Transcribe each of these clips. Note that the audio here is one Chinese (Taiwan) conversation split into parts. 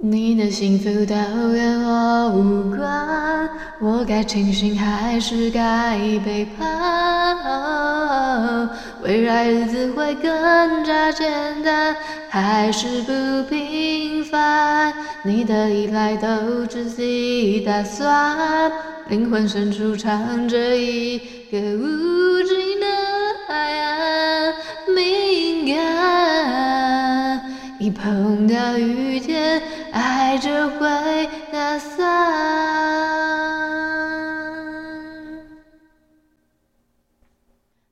你的幸福都與我無關，我該清醒，還是該背叛、oh？Oh oh、未來日子會更加簡單，還是不平凡？你的依賴都自己打算，靈魂深處藏着一個無盡的海岸，敏感。一碰到雨天，愛就會打散。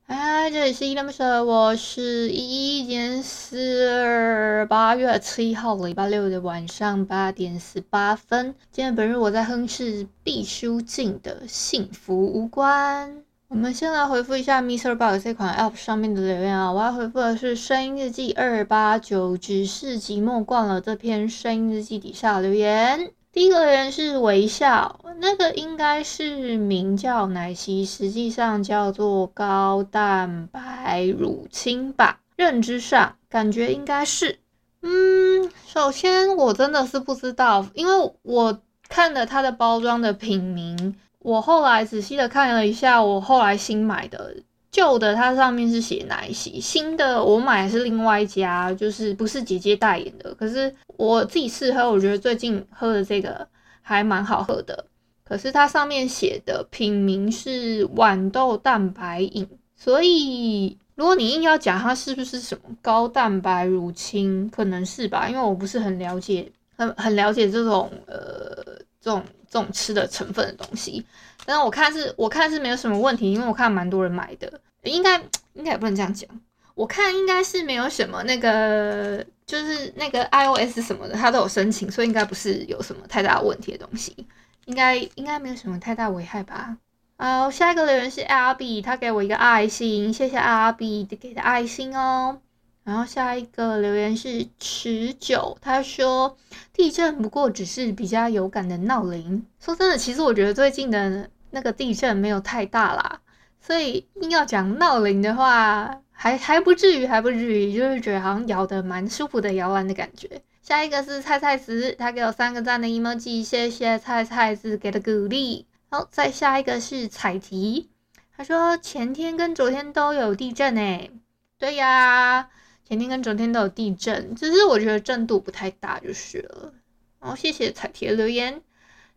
嗨，這裡是依依戀不捨，我是依依四二，八月七號，禮拜六的晚上八點十八分。今天本日我在哼是畢書盡的《幸福無關》。我們先來回復一下 MixerBox 這款 App 上面的留言啊，我要回復的是聲音日記二八九，只是寂寞慣了這篇聲音日記底下留言。第一個留言是微笑，那個應該是名叫奶昔，實際上叫做高蛋白乳清吧。認知上感覺應該是，嗯，首先我真的是不知道，因為我看了它的包裝的品名。我後來仔細的看了一下，我後來新買的，舊的它上面是寫奶昔，新的我買的是另外一家，就是不是姐姐代言的。可是我自己試喝，我覺得最近喝的這個還蠻好喝的。可是它上面寫的品名是豌豆蛋白飲，所以如果你硬要講它是不是什麼高蛋白乳清，可能是吧，因為我不是很了解，很很了解這種呃。這種這種吃的成分的東西，但是我看是我看是沒有什麼問題，因為我看蠻多人買的，應該應該也不能這樣講，我看應該是沒有什麼那個就是那個 iOS 什麼的，它都有申請，所以應該不是有什麼太大問題的東西，應該應該沒有什麼太大危害吧。啊，oh，下一個留言是阿比，他給我一個愛心，謝謝阿比的給的愛心哦。然後下一個留言是持久，他說地震不過只是比較有感的鬧鈴。說真的，其實我覺得最近的那個地震沒有太大啦，所以硬要講鬧鈴的話，還還不至於，還不至於，就是覺得好像搖得蠻舒服的搖完的感覺。下一個是菜菜子，他給我三個讚的 emoji，謝謝菜菜子給的鼓勵。然後再下一個是彩旗，他說前天跟昨天都有地震哎、欸，對呀。前天跟昨天都有地震，只是我覺得震度不太大就是了。然後謝謝彩鐵留言，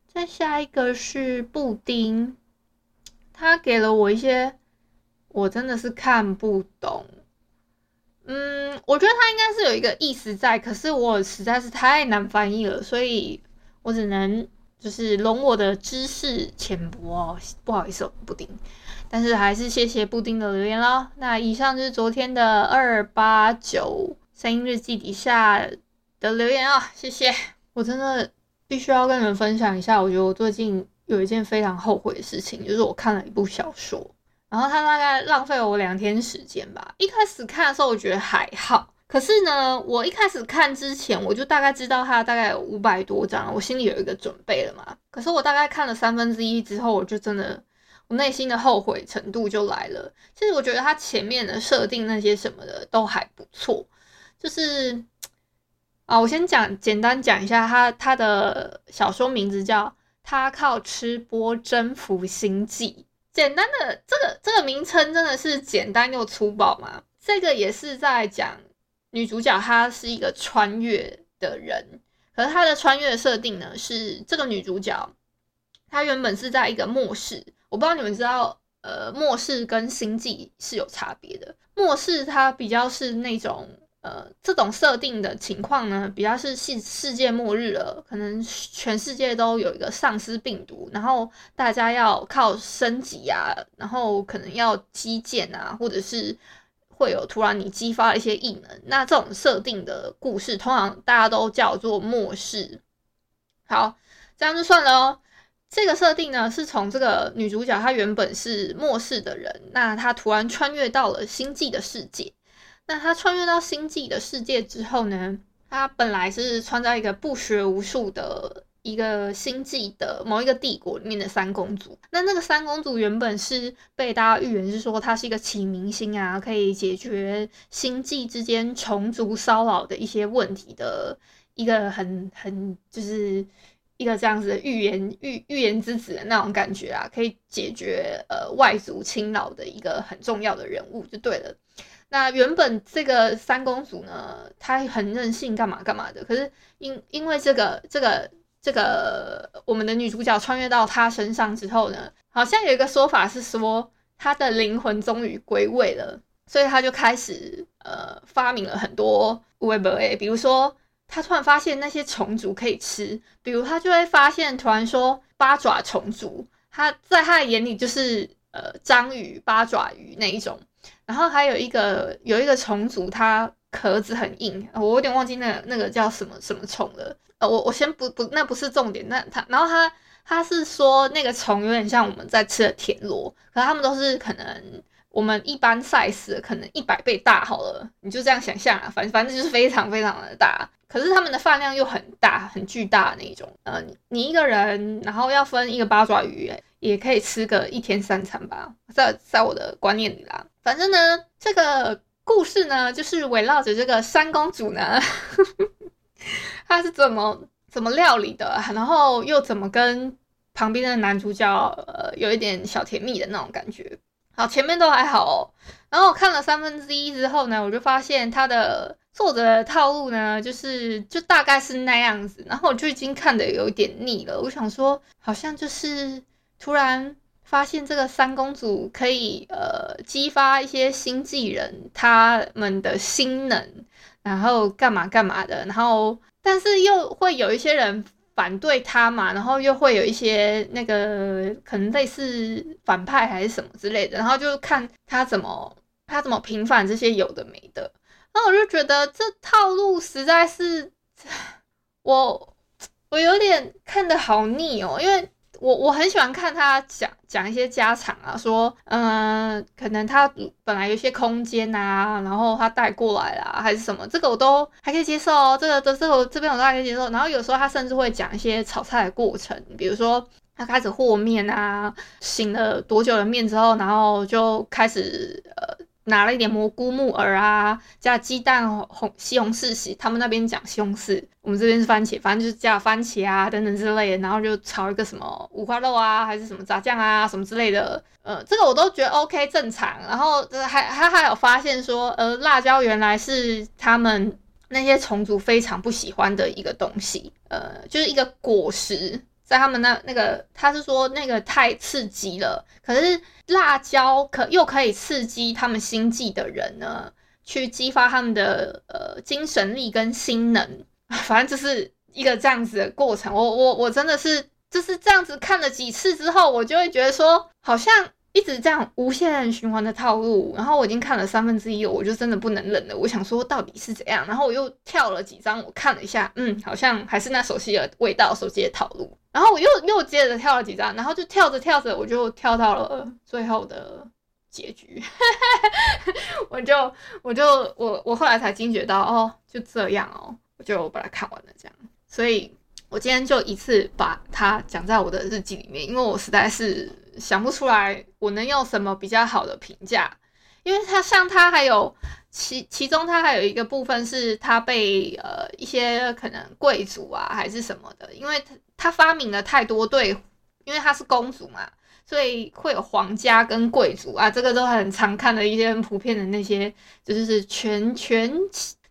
再下一個是布丁，他給了我一些我真的是看不懂。嗯，我覺得他應該是有一個意思在，可是我實在是太難翻譯了，所以我只能。就是容我的知識淺薄哦，不好意思哦，布丁。但是還是謝謝布丁的留言嘍。那以上就是昨天的二八九聲音日記底下的留言哦，謝謝。我真的必須要跟你們分享一下，我覺得我最近有一件非常後悔的事情，就是我看了一部小說，然後它大概浪費了我兩天時間吧。一開始看的時候，我覺得還好。可是呢，我一開始看之前，我就大概知道它大概有五百多章，我心裡有一個準備了嘛。可是我大概看了三分之一之後，我就真的，我內心的後悔程度就來了。其實我覺得它前面的設定那些什麼的都還不錯，就是啊，我先講簡單講一下他，它它的小說名字叫《他靠吃播征服星際》，簡單的這個這個名稱真的是簡單又粗暴嘛。這個也是在講，女主角她是一個穿越的人，可是她的穿越的設定呢是這個女主角，她原本是在一個末世，我不知道你們知道，呃，末世跟星際是有差別的。末世它比較是那種，呃，這種設定的情況呢，比較是世世界末日了，可能全世界都有一個喪屍病毒，然後大家要靠升級呀、啊，然後可能要基建啊，或者是。會有突然你激發一些異能，那這種設定的故事，通常大家都叫做末世。好，這樣就算了哦。這個設定呢，是從這個女主角她原本是末世的人，那她突然穿越到了星際的世界。那她穿越到星際的世界之後呢，她本來是穿在一個不學無術的。一個星際的某一個帝國裡面的三公主，那那個三公主原本是被大家預言是說她是一個啟明星啊，可以解決星際之間蟲族騷擾的一些問題的一個很很就是一個這樣子的預言預預言之子的那種感覺啊，可以解決呃外族侵擾的一個很重要的人物就對了。那原本這個三公主呢，她很任性，幹嘛幹嘛的，可是因因為這個這個。這個我們的女主角穿越到她身上之後呢，好像有一個說法是說她的靈魂終於歸位了，所以她就開始呃發明了很多 web a，比如說她突然發現那些蟲族可以吃，比如她就會發現突然說八爪蟲族，她在她的眼裡就是呃章魚、八爪魚那一種，然後還有一個有一個蟲族它。殼子很硬，呃，我有點忘記那個、那個叫什麼什麼蟲了。呃，我我先不不，那不是重點，那它，然後它它是說那個蟲有點像我們在吃的田螺，可是它們都是可能我們一般 size 可能一百倍大好了，你就這樣想象啦。反反正就是非常非常的大，可是他們的飯量又很大，很巨大的那種。嗯、呃，你一個人然後要分一個八爪魚，欸，也也可以吃個一天三餐吧，在在我的觀念裡啦。反正呢，這個。故事呢，就是圍繞着這個三公主呢呵呵，她是怎麼怎麼料理的，然後又怎麼跟旁邊的男主角呃有一點小甜蜜的那種感覺。好，前面都還好哦。然後我看了三分之一之後呢，我就發現他的作者的套路呢，就是就大概是那樣子，然後我就已經看的有點膩了。我想說，好像就是突然。發現這個三公主可以呃，激發一些星際人他們的心能，然後幹嘛幹嘛的，然後但是又會有一些人反對她嘛，然後又會有一些那個可能類似反派還是什麼之類的，然後就看他怎麼他怎麼平反這些有的沒的，然後我就覺得這套路實在是我我有點看得好膩哦，因為。我我很喜歡看他講講一些家常啊，說，嗯，可能他本來有一些空間啊，然後他帶過來啦，還是什麼，這個我都還可以接受哦，這個這個、這我這,這邊我都還可以接受。然後有時候他甚至會講一些炒菜的過程，比如說他開始和面啊，醒了多久的面之後，然後就開始呃。拿了一點蘑菇、木耳啊，加雞蛋、紅西紅柿，西他們那邊講西紅柿，我們這邊是番茄，反正就是加番茄啊等等之類的，然後就炒一個什麼五花肉啊，還是什麼炸醬啊什麼之類的，呃，這個我都覺得 OK 正常。然後還還還有發現說，呃，辣椒原來是他們那些蟲族非常不喜歡的一個東西，呃，就是一個果實。在他們那那個，他是說那個太刺激了，可是辣椒可又可以刺激他們星際的人呢，去激發他們的呃精神力跟心能，反正就是一個這樣子的過程。我我我真的是就是這樣子看了幾次之後，我就會覺得說好像一直這樣無限循環的套路，然後我已經看了三分之一，我就真的不能忍了。我想說到底是怎樣，然後我又跳了幾章，我看了一下，嗯，好像還是那熟悉的味道，熟悉的套路。然後我又又接着跳了幾章，然後就跳着跳着，我就跳到了最後的結局。 我就我就我我後來才驚覺到，哦，就這樣哦，我就把它看完了這樣。所以我今天就一次把它講在我的日記裡面，因為我實在是。想不出來，我能用什麼比較好的評價？因為他像他還有其其中他還有一個部分是他被呃一些可能貴族啊還是什麼的，因為他他發明了太多對，因為他是公主嘛，所以會有皇家跟貴族啊，這個都很常看的一些很普遍的那些就是全全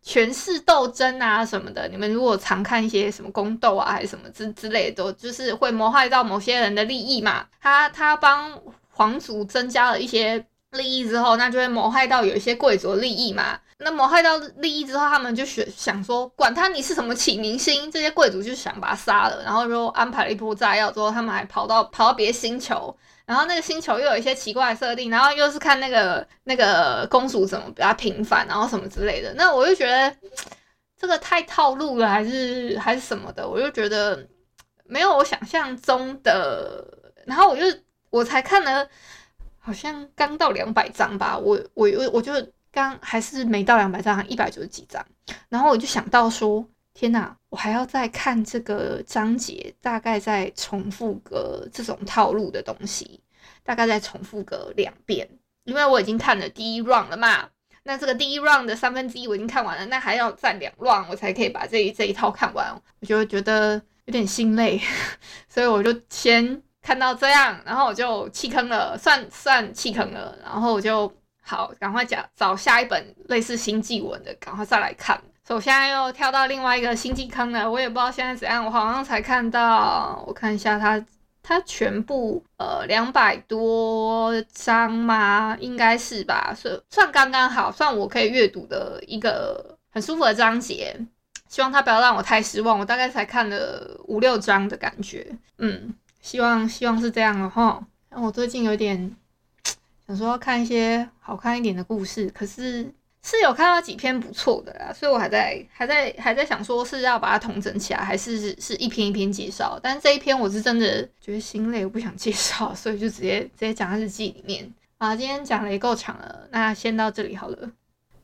權勢鬥爭啊什麼的，你們如果常看一些什麼宮鬥啊還是什麼之之類的，都就是會謀害到某些人的利益嘛。他他幫皇族增加了一些。利益之後，那就會謀害到有一些貴族的利益嘛。那謀害到利益之後，他們就是想說，管他你是什麼啟明星，這些貴族就想把他殺了，然後就安排了一波炸藥之後，他們還跑到跑到別星球，然後那個星球又有一些奇怪設定，然後又是看那個那個公主怎麼比較平凡，然後什麼之類的。那我就覺得這個太套路了，還是還是什麼的，我就覺得沒有我想象中的。然後我就我才看了。好像剛到兩百章吧，我我我我就剛還是沒到兩百章，一百九十幾章。然後我就想到說，天吶，我還要再看這個章節，大概再重複個這種套路的東西，大概再重複個兩遍，因為我已經看了第一 round 了嘛。那這個第一 round 的三分之一我已經看完了，那還要再兩 round 我才可以把這這一套看完，我就覺得有點心累，所以我就先。看到這樣，然後我就棄坑了，算算棄坑了。然後我就好，趕快找找下一本類似星際文的，趕快再來看。所以我現在又跳到另外一個星際坑了，我也不知道現在怎樣。我好像才看到，我看一下它，它全部呃兩百多章嗎？應該是吧，算算剛剛好，算我可以閱讀的一個很舒服的章節。希望它不要讓我太失望。我大概才看了五六章的感覺，嗯。希望希望是這樣了、哦、哈。那、哦、我最近有點想說看一些好看一點的故事，可是是有看到幾篇不錯的啦，所以我還在還在還在想說是要把它統整起來，還是是一篇一篇介紹。但是這一篇我是真的覺得心累，我不想介紹，所以就直接直接講在日記裡面。啊，今天講的也夠長了，那先到這裡好了。